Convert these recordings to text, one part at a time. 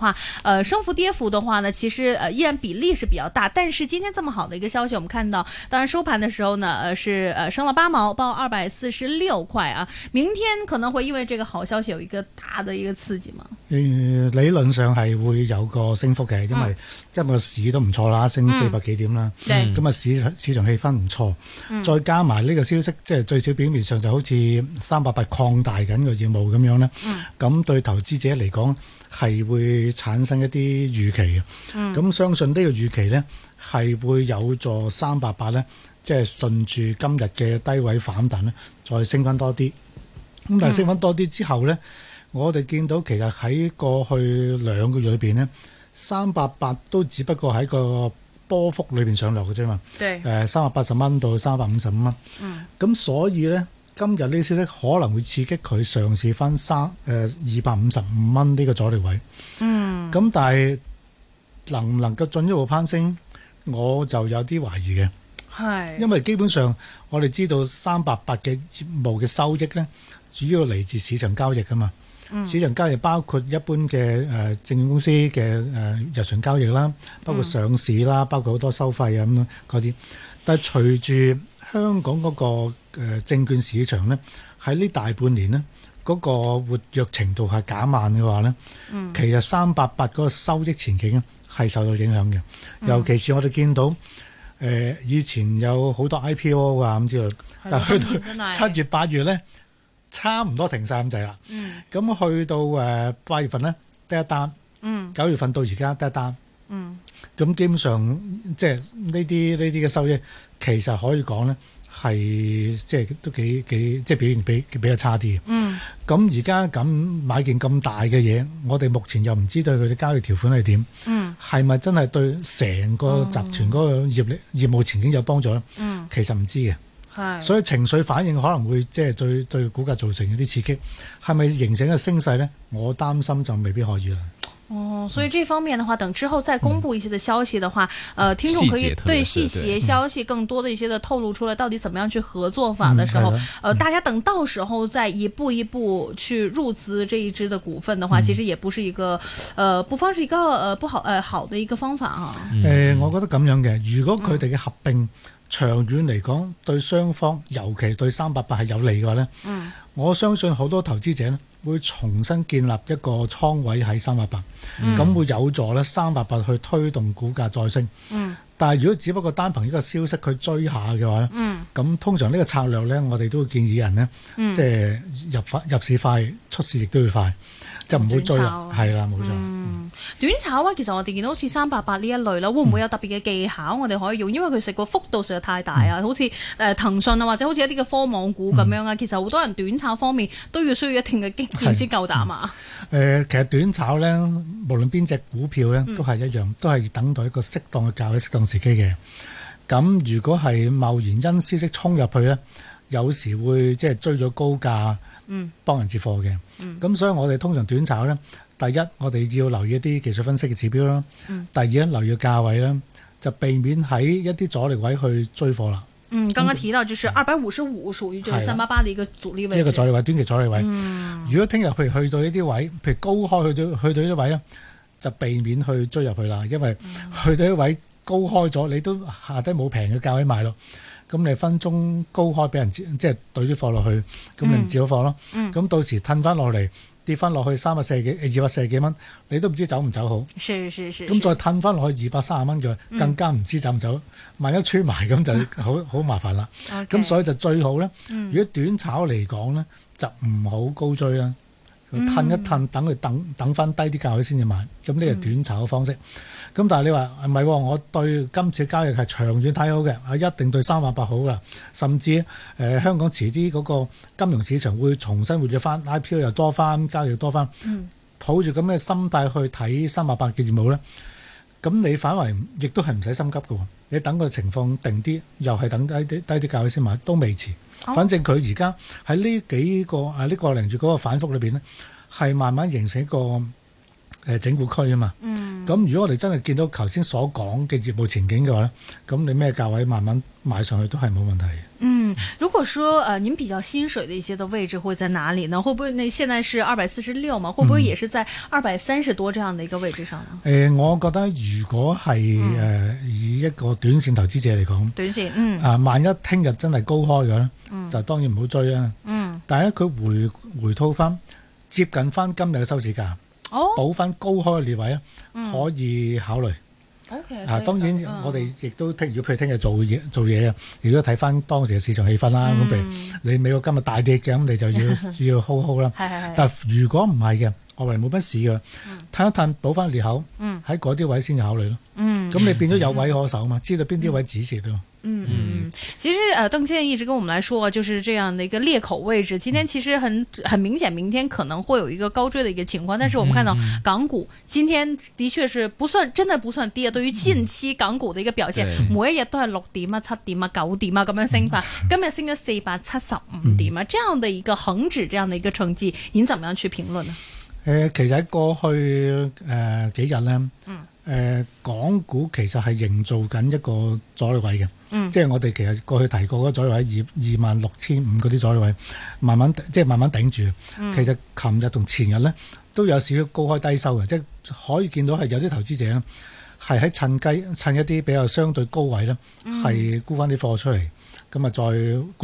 話，呃，升幅跌幅的話呢，其實呃依然比例是比較大，但是今天這麼好的一個消息，我們看到，當然收盤的時候呢，呃是呃升了八毛，報二百四十六塊啊。明天可能會因為這個好消息有一個大的一個刺激嘛？理論上係會有個升幅嘅，因為今日市都唔錯啦，嗯、升四百幾點啦，咁、嗯、啊市市場氣氛唔錯、嗯，再加埋呢個消息，即係最少表面上就好似三百八擴大緊個業務咁樣啦，咁、嗯、對投資者嚟講係會，會產生一啲預期嘅，咁、嗯、相信呢個預期咧係會有助三八八咧，即係順住今日嘅低位反彈咧，再升翻多啲。咁但係升翻多啲之後咧、嗯，我哋見到其實喺過去兩個月裏邊咧，三八八都只不過喺個波幅裏邊上落嘅啫嘛。對，誒、呃，三百八十蚊到三百五十五蚊。嗯。咁所以咧。今日呢條消息可能會刺激佢上市翻三誒二百五十五蚊呢個阻力位，嗯，咁但係能唔能夠進一步攀升，我就有啲懷疑嘅，係，因為基本上我哋知道三八八嘅業務嘅收益咧，主要嚟自市場交易噶嘛、嗯，市場交易包括一般嘅誒證券公司嘅誒日常交易啦，包括上市啦、嗯，包括好多收費啊咁樣嗰啲，但係隨住，香港嗰、那個誒、呃、證券市場咧，喺呢大半年咧，嗰、那個活躍程度係減慢嘅話咧、嗯，其實三八八嗰個收益前景咧係受到影響嘅、嗯。尤其是我哋見到誒、呃、以前有好多 IPO 啊咁之類，但去到七月八月咧，差唔多停晒咁滯啦。嗯，咁去到誒八、呃、月份咧得一單，嗯，九月份到而家得一單，嗯，咁基本上即係呢啲呢啲嘅收益。其實可以講咧，係即係都幾幾即係表現比比較差啲嘅。嗯，咁而家咁買件咁大嘅嘢，我哋目前又唔知對佢嘅交易條款係點。嗯，係咪真係對成個集團嗰個業務、嗯、務前景有幫助咧、嗯？嗯，其實唔知嘅。係，所以情緒反應可能會即係對對股價造成一啲刺激，係咪形成咗升勢咧？我擔心就未必可以啦。哦，所以這方面的話，等之後再公布一些的消息的話，呃、嗯，聽眾可以對細節消息更多的一些的透露出來，到底怎麼樣去合作法的時候、嗯啊，呃，大家等到時候再一步一步去入資這一支的股份的話，嗯、其實也不是一個，嗯、呃，不方是一個，呃，不好，呃，好的一個方法啊、嗯。呃，我覺得這樣嘅，如果佢哋嘅合併、嗯、長遠嚟講對雙方，尤其對三八八係有利嘅話呢，嗯，我相信好多投資者呢會重新建立一個倉位喺三百八，咁會有助咧三百八去推動股價再升。嗯，但係如果只不過單憑呢個消息去追下嘅話呢，咁、嗯、通常呢個策略呢，我哋都會建議人呢，嗯、即係入快入市快，出市亦都要快，就唔好追入，係啦，冇、嗯、錯、嗯。短炒啊，其實我哋見到好似三八八呢一類啦，會唔會有特別嘅技巧我哋可以用？因為佢食個幅度實在太大啊、嗯，好似誒、呃、騰訊啊，或者好似一啲嘅科網股咁樣啊、嗯，其實好多人短炒方面都要需要一定嘅經驗先夠膽啊。誒、嗯呃，其實短炒呢，無論邊隻股票呢，都係一樣，嗯、都係等待一個適當嘅價位，適當。自己嘅，咁如果係貿然因消息衝入去咧，有時會即係追咗高價，嗯，幫人接貨嘅，咁所以我哋通常短炒咧，第一我哋要留意一啲技術分析嘅指標啦，嗯，第二咧留意價位啦，就避免喺一啲阻力位去追貨啦。嗯，剛剛提到就是二百五十五屬於就三八八嘅一個阻力位，一、啊，這個阻力位，短期阻力位。嗯，如果聽日譬如去到呢啲位，譬如高開去到去到呢啲位咧，就避免去追入去啦，因為去到呢位。嗯高開咗，你都下低冇平嘅價位買咯，咁你分鐘高開俾人接，即係對啲貨落去，咁咪接咗貨咯。咁、嗯、到時褪翻落嚟，跌翻落去三百四十幾、二百四十幾蚊，你都唔知走唔走好。是咁再褪翻落去二百三十蚊嘅，更加唔知走唔走、嗯，萬一穿埋咁就好好麻煩啦。咁、 okay. 所以就最好咧，如果短炒嚟講咧，就唔好高追啦。褪一褪，等佢等等翻低啲價位先至買，咁呢個短炒嘅方式。咁、嗯、但係你話唔係，我對今次交易係長遠睇好嘅，啊一定對三百八好噶。甚至誒、呃、香港遲啲嗰個金融市場會重新活躍翻，IPO 又多翻，交易又多翻、嗯，抱住咁嘅心態去睇三百八嘅業務咧，咁你反為亦都係唔使心急嘅喎。你等個情況定啲，又係等低啲低啲價位先買，都未遲。Okay. 反正佢而家喺呢幾個啊呢、呢個零住嗰個反覆裏面，咧，係慢慢形成一個、呃、整固區啊嘛。咁、嗯、如果我哋真係見到頭先所講嘅業務前景嘅話咧，咁你咩價位慢慢買上去都係冇問題嘅。嗯嗯、如果說，呃您比較心水的一些的位置會在哪裏呢？會不會，那現在是二百四十六嘛？會不會也是在二百三十多這樣的一個位置上呢？誒、嗯呃，我覺得如果係誒、呃、以一個短線投資者嚟講，短線嗯啊、呃，萬一聽日真係高開嘅咧、嗯，就當然唔好追啊。嗯，但係咧佢回回吐翻接近翻今日嘅收市價，哦，補翻高開嘅列位啊、嗯，可以考慮。嗱，okay, so、當然我哋亦都聽。如果譬如聽日做嘢做嘢啊，如果睇翻當時嘅市場氣氛啦，咁、嗯、譬如你美國今日大跌嘅，咁你就要 就要 hold hold 啦。係係係。但係如果唔係嘅，我哋冇乜事嘅，探一探補翻裂口，喺嗰啲位先考慮咯。咁、嗯、你變咗有位可守嘛？嗯、知道邊啲位指示到。嗯，其實誒，鄧先生一直跟我們來說，就是這樣的一個裂口位置。今天其實很很明顯，明天可能會有一個高追嘅一個情況。但是我們看到港股今天，的確是不算，真的不算跌啊。對於近期港股嘅一個表現，嗯嗯、每一日都係六點啊、七點啊、九點啊咁樣升法、嗯。今日升咗四百七十五點啊，這樣的一個恒指，這樣的一個成績，您點樣去評論呢？誒、呃，其實喺過去誒、呃、幾日咧，誒、嗯呃、港股其實係營造緊一個阻力位嘅、嗯，即係我哋其實過去提過嗰阻力位二二萬六千五嗰啲阻力位，慢慢即係慢慢頂住、嗯。其實琴日同前日咧都有少少高開低收嘅，即係可以見到係有啲投資者咧係喺趁機趁一啲比較相對高位咧係、嗯、沽翻啲貨出嚟，咁啊再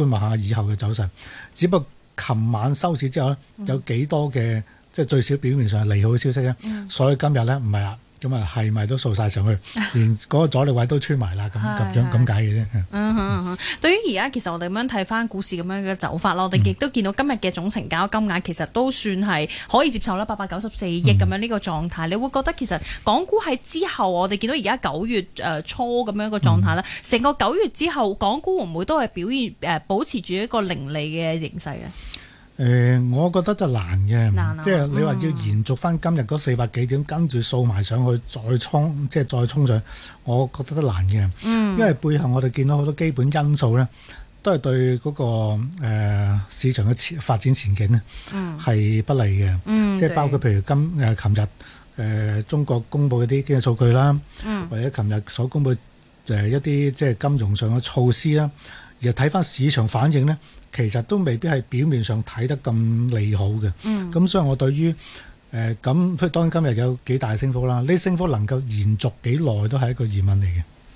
觀望下以後嘅走勢。只不過琴晚收市之後咧、嗯，有幾多嘅？即係最少表面上係利好消息啊！嗯、所以今日咧唔係啦，咁啊係咪都掃晒上去，連、嗯、嗰個阻力位都穿埋啦，咁 咁樣咁解嘅啫、嗯。嗯哼、嗯嗯、對於而家其實我哋咁樣睇翻股市咁樣嘅走法咯，嗯、我哋亦都見到今日嘅總成交金額其實都算係可以接受啦，八百九十四億咁樣呢個狀態。嗯、你會覺得其實港股喺之後，我哋見到而家九月誒初咁樣一個狀態咧，成、嗯、個九月之後，港股會唔會都係表現誒保持住一個凌厲嘅形勢啊？誒、呃，我覺得難難、啊、就難嘅，即係你話要延續翻今日嗰四百幾點，嗯、跟住掃埋上去再衝即係再衝上，我覺得都難嘅、嗯。因為背後我哋見到好多基本因素咧，都係對嗰、嗰個、呃、市場嘅發發展前景咧係、嗯、不利嘅。即、嗯、係、就係、包括譬如今誒琴日中國公布嗰啲經濟數據啦，嗯、或者琴日所公布就一啲、呃、即係金融上嘅措施啦，而睇翻市場反應咧。其實都未必係表面上睇得咁利好嘅，嗯、咁所以我對於誒咁，呃、當然今日有幾大升幅啦。呢升幅能夠延續幾耐都係一個疑問嚟嘅。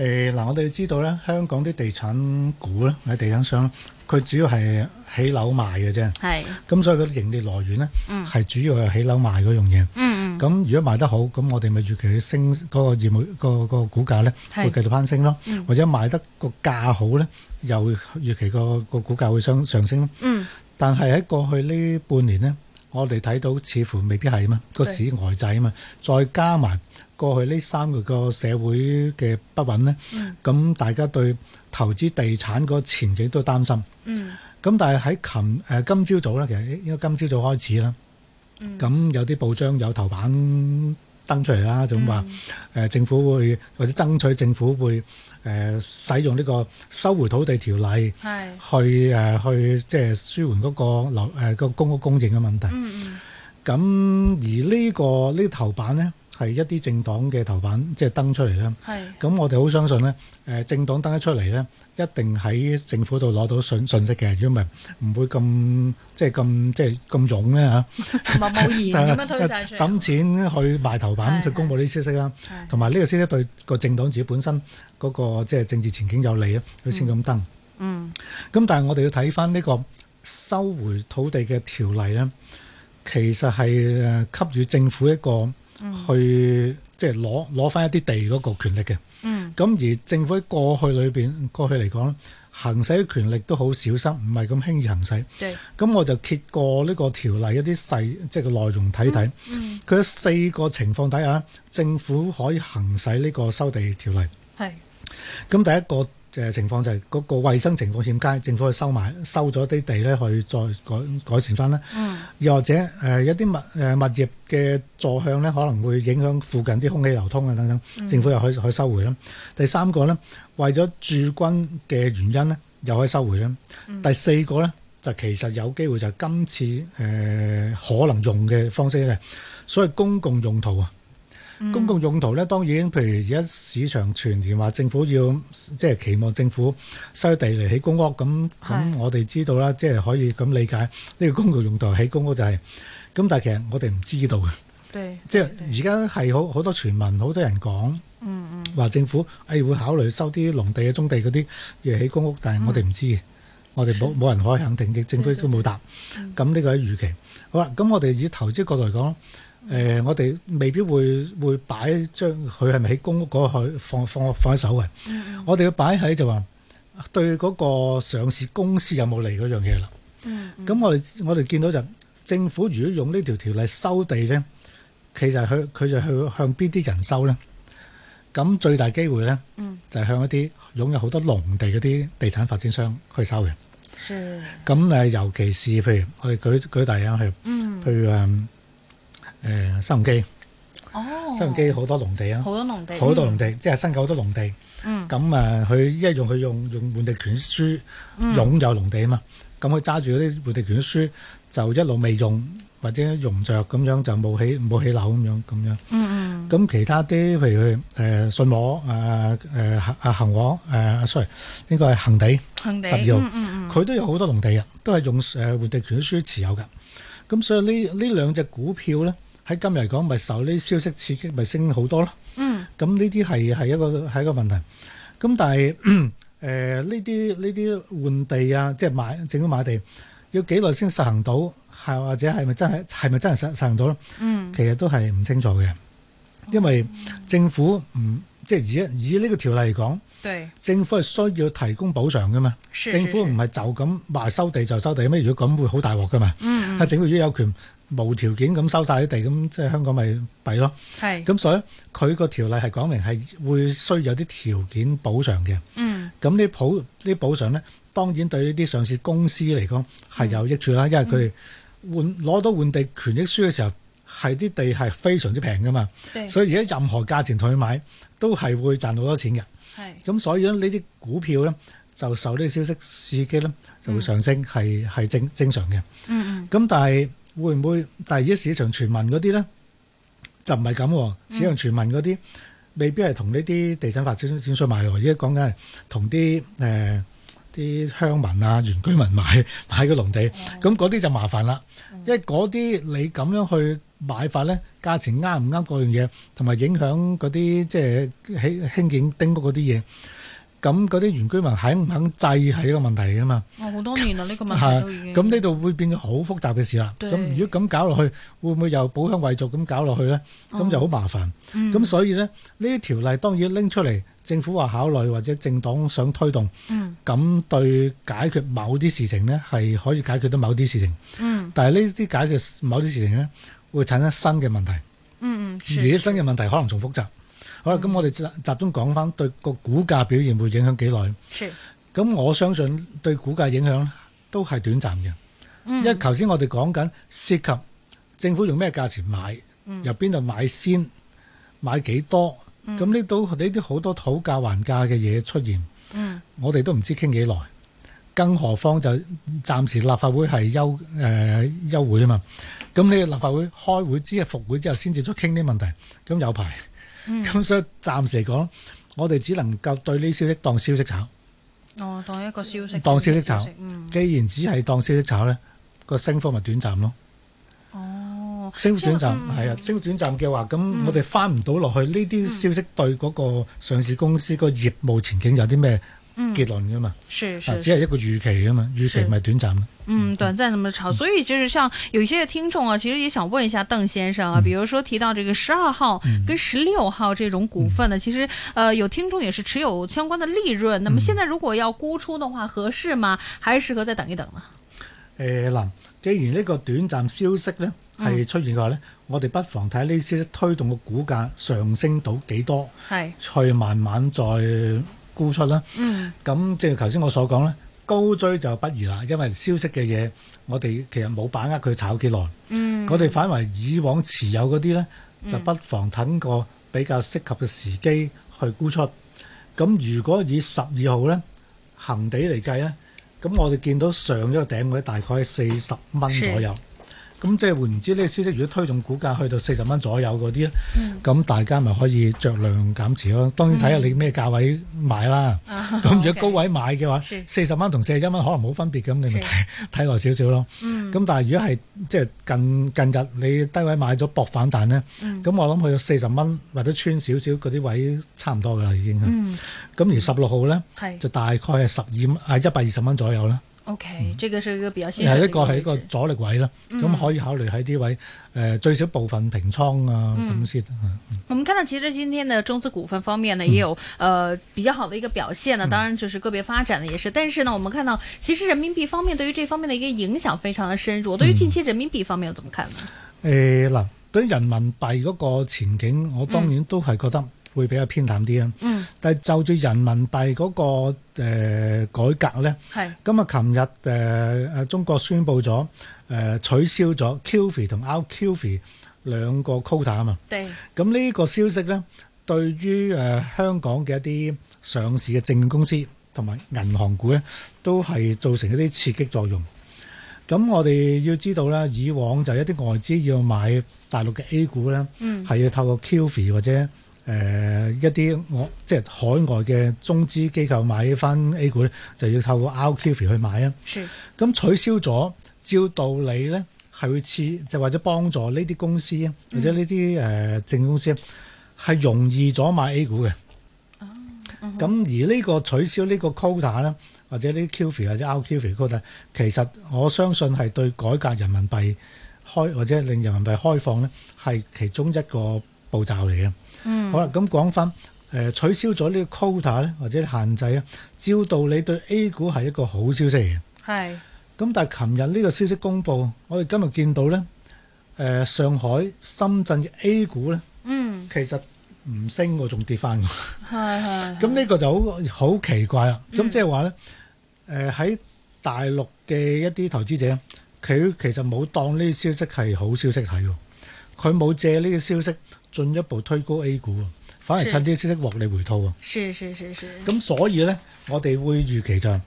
誒、呃、嗱，我哋知道咧，香港啲地產股咧，喺地產商，佢主要係起樓賣嘅啫。係。咁所以佢啲營業來源咧，係、嗯、主要係起樓賣嗰樣嘢。嗯。咁如果賣得好，咁我哋咪預期佢升嗰個業務個個股價咧，會繼續攀升咯。嗯、或者賣得個價好咧，又預期、嗰個、嗰個股價會升上升咯。嗯。但係喺過去呢半年咧，我哋睇到似乎未必係啊嘛，個市外債啊嘛，再加埋。過去呢三個個社會嘅不穩咧，咁、嗯、大家對投資地產個前景都擔心。嗯，咁但係喺琴誒今朝早咧，其實應該今朝早、早開始啦。咁、嗯、有啲報章有頭版登出嚟啦，仲話政府會、嗯、或者爭取政府會、呃、使用呢個收回土地條例去、呃，去去即係舒緩嗰、嗰個樓、呃個公屋供應嘅問題。嗯嗯，咁而、呢個呢個、投呢個呢頭版咧。係一啲政黨嘅頭版，即係登出嚟啦。咁我哋好相信咧，誒、呃，政黨登一出嚟咧，一定喺政府度攞到信信息嘅，如果唔係唔會咁即係咁即係咁勇咧吓。唔係冇咁抌錢去賣頭版，去公布呢啲消息啦。同埋呢個消息對個政黨自己本身嗰、那個即係、就是、政治前景有利咧，佢先咁登。嗯，咁但係我哋要睇翻呢個收回土地嘅條例咧，其實係誒給予政府一個。嗯、去即係攞攞翻一啲地嗰個權力嘅，咁、嗯、而政府喺過去裏邊，過去嚟講，行使權力都好小心，唔係咁輕易行使。對、咁我就揭過呢個條例一啲細，即係個內容睇睇。佢、嗯、有、嗯、四個情況底下，政府可以行使呢個收地條例。係咁，第一個。嘅情況就係嗰個衛生情況欠佳，政府去收埋收咗啲地咧，去再改改善翻啦。嗯。又或者誒，一啲物誒物業嘅座向咧，可能會影響附近啲空氣流通啊等等，政府又可以可以收回啦。第三個咧，為咗駐軍嘅原因咧，又可以收回啦。嗯。第四個咧，就其實有機會就係今次誒可能用嘅方式咧，所謂公共用途啊。嗯、公共用途咧，當然，譬如而家市場傳言話政府要即係、就是、期望政府收地嚟起公屋，咁咁我哋知道啦，即、就、係、是、可以咁理解呢個公共用途起公屋就係、是、咁，那但係其實我哋唔知道嘅，即係而家係好好多傳聞，好多人講話、嗯、政府誒會考慮收啲農地、中地嗰啲要起公屋，但係我哋唔知嘅、嗯，我哋冇冇人可以肯定嘅，政府都冇答。咁呢個係預期。好啦，咁我哋以投資角度嚟講。誒，我哋未必會會擺將佢係咪喺公屋嗰去放放放喺手嘅？我哋要擺喺就話對嗰個上市公司有冇利嗰樣嘢啦。咁我哋我哋見到就政府如果用呢條條例收地咧，其實佢佢就去向邊啲人收咧？咁最大機會咧，就係向一啲擁有好多農地嗰啲地產發展商去收嘅。咁誒，尤其是譬如我哋舉舉大樣去去誒。誒、呃，新鴻基，新鴻基好多農地啊，好多農地，好、嗯、多農地，即係新購好多農地。咁、嗯、佢、啊、一用佢用用換地權書擁、嗯、有農地啊嘛，咁佢揸住嗰啲換地權書就一路未用或者用唔著咁樣就冇起冇起樓咁樣咁樣。咁、嗯、其他啲譬如誒、呃、信和誒誒阿恒和誒阿 sorry、呢個係恒地，恒地實業佢、嗯嗯、都有好多農地啊，都係用誒換、呃、地權書持有噶。咁所以呢呢兩隻股票咧。喺今日嚟講，咪受呢消息刺激，咪升好多咯。嗯，咁呢啲係係一個係一個問題。咁但係誒呢啲呢啲換地啊，即係買政府買地，要幾耐先實行到？係或者係咪真係係咪真係實實行到咧？嗯，其實都係唔清楚嘅，嗯，因為政府唔即係以以呢個條例嚟講，對政府係需要提供補償噶嘛。是是是政府唔係就咁話收地就收地咩？如果咁會好大鑊噶嘛？嗯，係政府擁有，有權。無條件咁收晒啲地，咁即係香港咪弊咯？係咁，所以佢個條例係講明係會需有啲條件補償嘅。嗯，咁啲補啲補償咧，當然對呢啲上市公司嚟講係有益處啦，嗯，因為佢換攞到換地權益書嘅時候，係啲地係非常之平噶嘛。所以而家任何價錢同佢買都係會賺好多錢嘅。係咁，所以咧呢啲股票咧就受呢啲消息刺激咧就會上升，係、嗯、係正正常嘅。嗯嗯，咁但係。會唔會？但係而家市場傳聞嗰啲咧，就唔係咁。市場傳聞嗰啲，未必係同呢啲地產發展商買來。而家講緊係同啲誒啲鄉民啊、原居民買買個農地，咁嗰啲就麻煩啦。因為嗰啲你咁樣去買法咧，價錢啱唔啱嗰樣嘢，同埋影響嗰啲即係起興建丁屋嗰啲嘢。咁嗰啲原居民肯唔肯制係一個問題嘅嘛？我、哦、好多年啦，呢、呢個問題咁呢度會變咗好複雜嘅事啦。咁如果咁搞落去，會唔會又保鄉遺族咁搞落去咧？咁、哦、就好麻煩。咁、嗯、所以咧，呢條條例當然拎出嚟，政府話考慮或者政黨想推動。咁、嗯、對解決某啲事情咧，係可以解決到某啲事情。嗯、但係呢啲解決某啲事情咧，會產生新嘅問題。嗯嗯，而啲新嘅問題可能仲複雜。好啦，咁我哋集中講翻對個股價表現會影響幾耐？咁，我相信對股價影響都係短暫嘅、嗯，因為頭先我哋講緊涉及政府用咩價錢買，由邊度買先，買幾多咁呢？呢啲好多討價還價嘅嘢出現，嗯、我哋都唔知傾幾耐。更何況就暫時立法會係休、呃、休會啊嘛，咁你立法會開會之後復會之後先至出傾呢問題，咁有排。咁、嗯、所以暫時嚟講，我哋只能夠對呢消息當消息炒。哦，當一個消息。當消息炒。息既然只係當消息炒咧，嗯呢個升幅咪短暫咯。哦。升幅短暫，係、嗯、啊，升幅短暫嘅話，咁我哋翻唔到落去。呢、嗯、啲消息對嗰個上市公司個業務前景有啲咩？結論噶嘛，只係一個預期噶嘛，預期唔係短暫咯。嗯，就短暫咁樣炒，所以就是像有些聽眾啊，其實也想問一下鄧先生啊、嗯，比如說提到這個十二號跟十六號這種股份呢、啊嗯，其實，呃，有聽眾也是持有相關的利潤、嗯，那麼現在如果要沽出的話，合適嗎？還是適合再等一等呢、啊？誒，嗱，既然呢個短暫消息呢係出現嘅話呢、嗯，我哋不妨睇下呢啲推動嘅股價上升到幾多，係，去慢慢再。沽出啦，咁即係頭先我所講咧，高追就不宜啦，因為消息嘅嘢，我哋其實冇把握佢炒幾耐。我哋反為以往持有嗰啲咧，就不妨等個比較適合嘅時機去沽出。咁如果以十二號咧，恆地嚟計咧，咁我哋見到上咗個頂位大概四十蚊左右。咁即係換言之，呢個消息如果推動股價去到四十蚊左右嗰啲，咁、嗯、大家咪可以着量減持咯。當然睇下你咩價位買啦。咁、嗯、如果高位買嘅話，四十蚊同四十一蚊可能冇分別，咁你咪睇耐少少咯。咁、嗯、但係如果係即係近近日你低位買咗博反彈咧，咁、嗯、我諗去到四十蚊或者穿少少嗰啲位差唔多噶啦已經。咁、嗯、而十六號咧，就大概係十二啊一百二十蚊左右啦。O、okay, K，這個是一個比較先，係一個係一個阻力位啦，咁、嗯、可以考慮喺呢位，呃、最少部分平倉啊咁先、嗯嗯。我們看到其實今天的中資股份方面呢，也有呃比較好的一個表現呢，當然就是個別發展呢也是、嗯，但是呢，我們看到其實人民幣方面對於這方面的一個影響非常的深入。對於近期人民幣方面有怎麼看呢？嗱、嗯呃，對於人民幣嗰個前景，我當然都係覺得。嗯會比較偏淡啲啊！嗯，但係就住人民幣嗰、那個、呃、改革咧，係咁啊。琴日誒、啊、呃、中國宣布咗誒、呃、取消咗 QFII 同 RQFII 兩個 quota 啊嘛，對。咁、嗯、呢、這個消息咧，對於誒、呃、香港嘅一啲上市嘅證券公司同埋銀行股咧，都係造成一啲刺激作用。咁我哋要知道啦，以往就一啲外資要買大陸嘅 A 股咧，嗯，係要透過 QFII 或者。誒、呃、一啲我即係海外嘅中資機構買翻 A 股咧，就要透過 RQFII 去買啊。咁取消咗照道理咧，係會似就或者幫助呢啲公司或者呢啲誒證公司係容易咗買 A 股嘅。咁、啊嗯、而呢個取消呢個 quota 咧，或者呢啲 QFII 或者 RQFII quota，其實我相信係對改革人民幣開或者令人民幣開放咧，係其中一個步驟嚟嘅。嗯，好啦，咁講翻，誒、呃，取消咗呢個 quota 咧，或者限制咧，照道理對 A 股係一個好消息嘅。係。咁但係琴日呢個消息公布，我哋今日見到咧，誒、呃，上海、深圳嘅 A 股咧，嗯，其實唔升嘅，仲跌翻。係係。咁呢個就好好奇怪啦。咁即係話咧，誒、嗯、喺、呃、大陸嘅一啲投資者，佢其實冇當呢啲消息係好消息睇喎，佢冇借呢啲消息。進一步推高 A 股，反而趁啲消息獲利回吐啊！是是是是。咁所以咧，我哋會預期就誒、是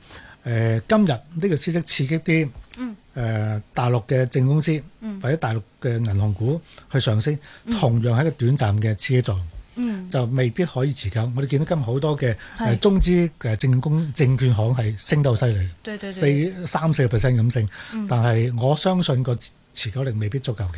呃、今日呢個消息刺激啲、嗯呃、大陸嘅證公司、嗯，或者大陸嘅銀行股去上升，嗯、同樣係一個短暫嘅刺激作用、嗯，就未必可以持久。我哋見到今日好多嘅、呃、中資嘅證，證券行係升到犀利，四三四個 percent 咁升，嗯、但係我相信個持久力未必足夠嘅。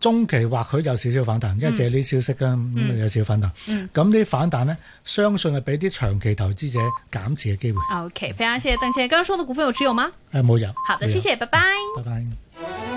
中期或許有少少反彈，因為借呢啲消息啊有少少反彈。咁呢啲反彈呢，相信係俾啲長期投資者減持嘅機會。OK，非常謝謝鄧先生。剛剛說嘅股份有持有嗎？誒、呃，冇有。好的，謝謝，拜拜。拜拜。